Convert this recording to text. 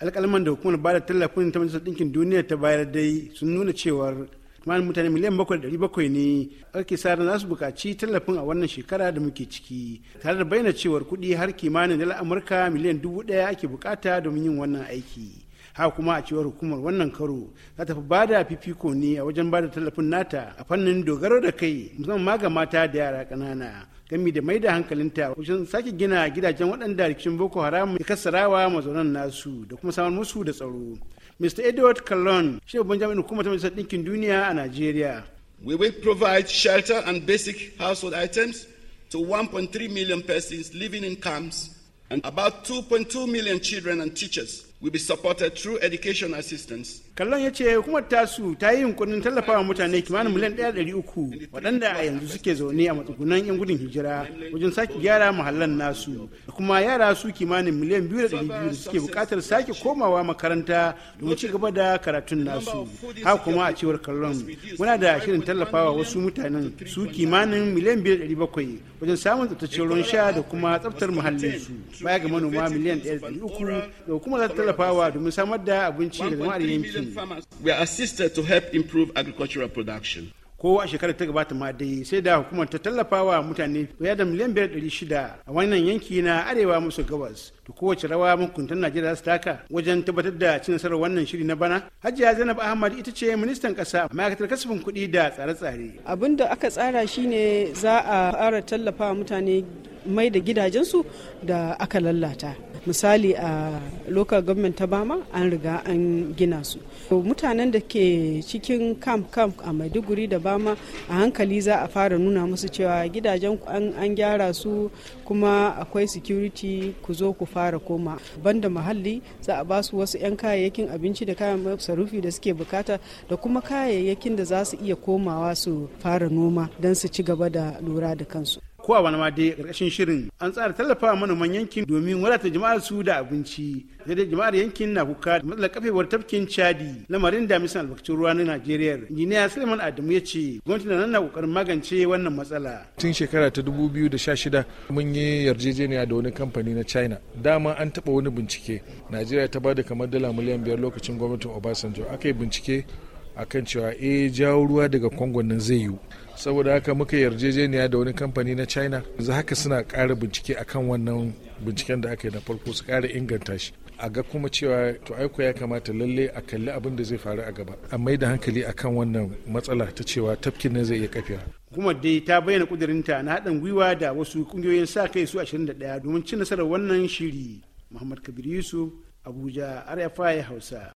alƙalman da hukumar ba da tallafin ta majalisar ɗinkin duniya ta bayar dai sun nuna cewar kamar mutane miliyan bakwai da ɗari bakwai ne ake sa ran za su buƙaci tallafin a wannan shekara da muke ciki tare da bayyana cewar kuɗi har kimanin dala amurka miliyan dubu ɗaya ake buƙata domin yin wannan aiki haka kuma a cewar hukumar wannan karo za ta fi ba da fifiko ne a wajen ba da tallafin nata a fannin dogaro da kai musamman ma ga mata da yara ƙanana da sake gina gidajen waɗanda rikicin boko haram ya kasarawa mazaunan nasu da kuma samar musu da tsaro mr edward callon jami'in hukumar ta majalisar ɗinkin duniya a we will provide shelter and basic household items to 1.3 million persons living in camps and about 2.2 million children and teachers will be supported through education assistance. Kallon ya ce hukumar tasu ta yi yunkurin tallafawa mutane kimanin miliyan ɗaya ɗari uku waɗanda a yanzu suke zaune a matsugunan 'yan gudun hijira wajen sake gyara mahallan nasu da kuma yara su kimanin miliyan biyu da ɗari biyu da suke buƙatar sake komawa makaranta domin ci gaba da karatun nasu. Ha kuma a cewar kallon muna da shirin tallafawa wasu mutanen su kimanin miliyan biyu da ɗari bakwai wajen samun tsaftacen ruwan sha da kuma tsaftar su baya ga manoma miliyan ɗaya da ɗari uku da hukumar za ta tallafawa domin samar da abinci daga jama'ar yankin. We are assisted to help improve agricultural production. ko a shekarar ta gabata ma dai sai da hukumar ta tallafawa mutane fiye da miliyan biyar ɗari shida a wannan yanki na arewa maso gabas to kowace rawa mukuntar najeriya su taka wajen tabbatar da cin nasarar wannan shiri na bana hajiya zainab ahmad ita ce ministan ƙasa ma'aikatar kasafin kuɗi da tsare-tsare abin da aka tsara shine za a fara tallafa mutane mai da gidajensu da aka lalata misali a local government ta bama an riga an gina su mutanen da ke cikin camp camp a maiduguri da bama a hankali za a fara nuna musu cewa gidajen an gyara su kuma akwai security ku zo ku fara koma banda muhalli za a basu wasu 'yan kayayyakin abinci da kayan sarufi da suke bukata da kuma kayayyakin da za su iya komawa su fara noma don su ci gaba da lura da kansu ko a wani ma dai ƙarƙashin shirin an tsara tallafa manoman yankin domin wadata jama'ar su da abinci sai dai jama'ar yankin na kuka da matsalar kafewar tafkin chadi lamarin da misan albarkacin ruwa na najeriya injiniya suleiman adamu ya ce gwamnati na nan na kokarin magance wannan matsala tun shekara ta dubu biyu da shida mun yi yarjejeniya da wani kamfani na china dama an taɓa wani bincike najeriya ta bada kamar dala miliyan biyar lokacin gwamnatin obasanjo aka yi bincike akan cewa e jawo ruwa daga kwangon nan zai yiwu saboda haka muka yarjejeniya da wani kamfani na china yanzu haka suna ƙara bincike akan wannan binciken da aka yi na farko su ƙara inganta shi a ga kuma cewa to aiko ya kamata lalle a kalli abin da zai faru a gaba a mai da hankali akan wannan matsala ta cewa tafkin ne zai iya kafewa kuma dai ta bayyana kudirinta na haɗin gwiwa da wasu kungiyoyin sa kai su 21 domin ci nasarar wannan shiri muhammad kabir yusuf abuja rfi hausa